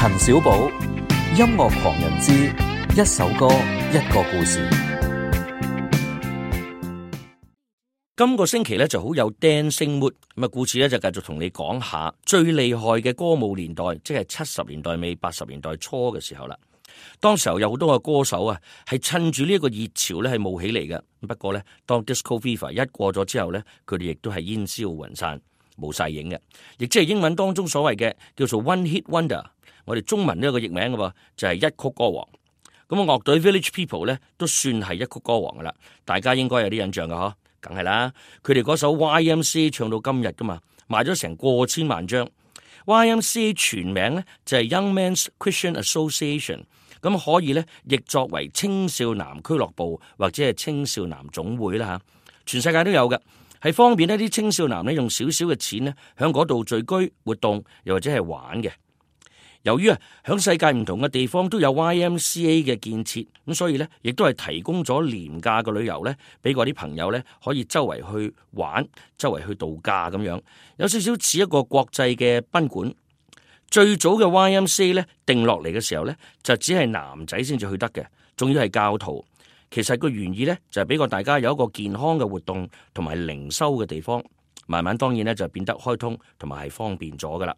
陳少寶，音樂狂人之一首歌一個故事。今個星期咧，就好有 dancing mood 咁啊！故事咧，就繼續同你講下最厲害嘅歌舞年代，即係七十年代尾八十年代初嘅時候啦。當時候有好多嘅歌手啊，係趁住呢一個熱潮咧，係冒起嚟嘅。不過咧，當 disco fever 一過咗之後咧，佢哋亦都係煙消雲散，冇晒影嘅，亦即係英文當中所謂嘅叫做 one hit wonder。我哋中文都有個譯名噶喎，就係一曲歌王。咁個樂隊 Village People 咧，都算係一曲歌王噶啦。大家應該有啲印象噶嗬，梗係啦。佢哋嗰首 YMCA 唱到今日噶嘛，賣咗成過千萬張。YMCA 全名咧就係 Young Men's Christian Association，咁可以咧，亦作為青少男俱樂部或者係青少男總會啦吓。全世界都有嘅，係方便呢啲青少男咧用少少嘅錢咧，響嗰度聚居活動又或者係玩嘅。由於啊，喺世界唔同嘅地方都有 YMCA 嘅建設，咁所以咧，亦都係提供咗廉價嘅旅遊咧，俾嗰啲朋友咧可以周圍去玩，周圍去度假咁樣，有少少似一個國際嘅賓館。最早嘅 YMCA 咧定落嚟嘅時候咧，就只係男仔先至去得嘅，仲要係教徒。其實個原意咧就係俾個大家有一個健康嘅活動同埋靈修嘅地方。慢慢當然咧就變得開通同埋係方便咗噶啦。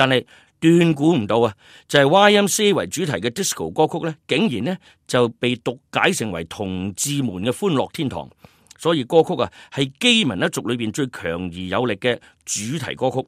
但係斷估唔到啊，就係、是、YMCA 為主題嘅 disco 歌曲咧，竟然呢就被讀解成為同志們嘅歡樂天堂。所以歌曲啊係基民一族裏邊最強而有力嘅主題歌曲。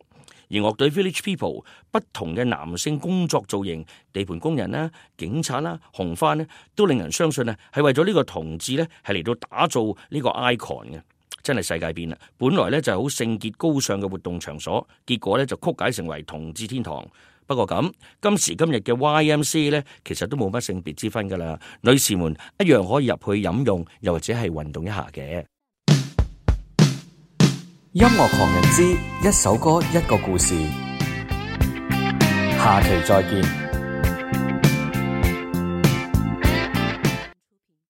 而樂隊 Village People 不同嘅男性工作造型、地盤工人啦、警察啦、紅番咧，都令人相信啊係為咗呢個同志呢，係嚟到打造呢個 icon 嘅。真係世界變啦！本來咧，就係好聖潔高尚嘅活動場所，結果咧，就曲解成為同志天堂。不過咁，今時今日嘅 YMCA 咧，其實都冇乜性別之分噶啦，女士們一樣可以入去飲用，又或者係運動一下嘅。音樂狂人之一首歌一個故事，下期再見。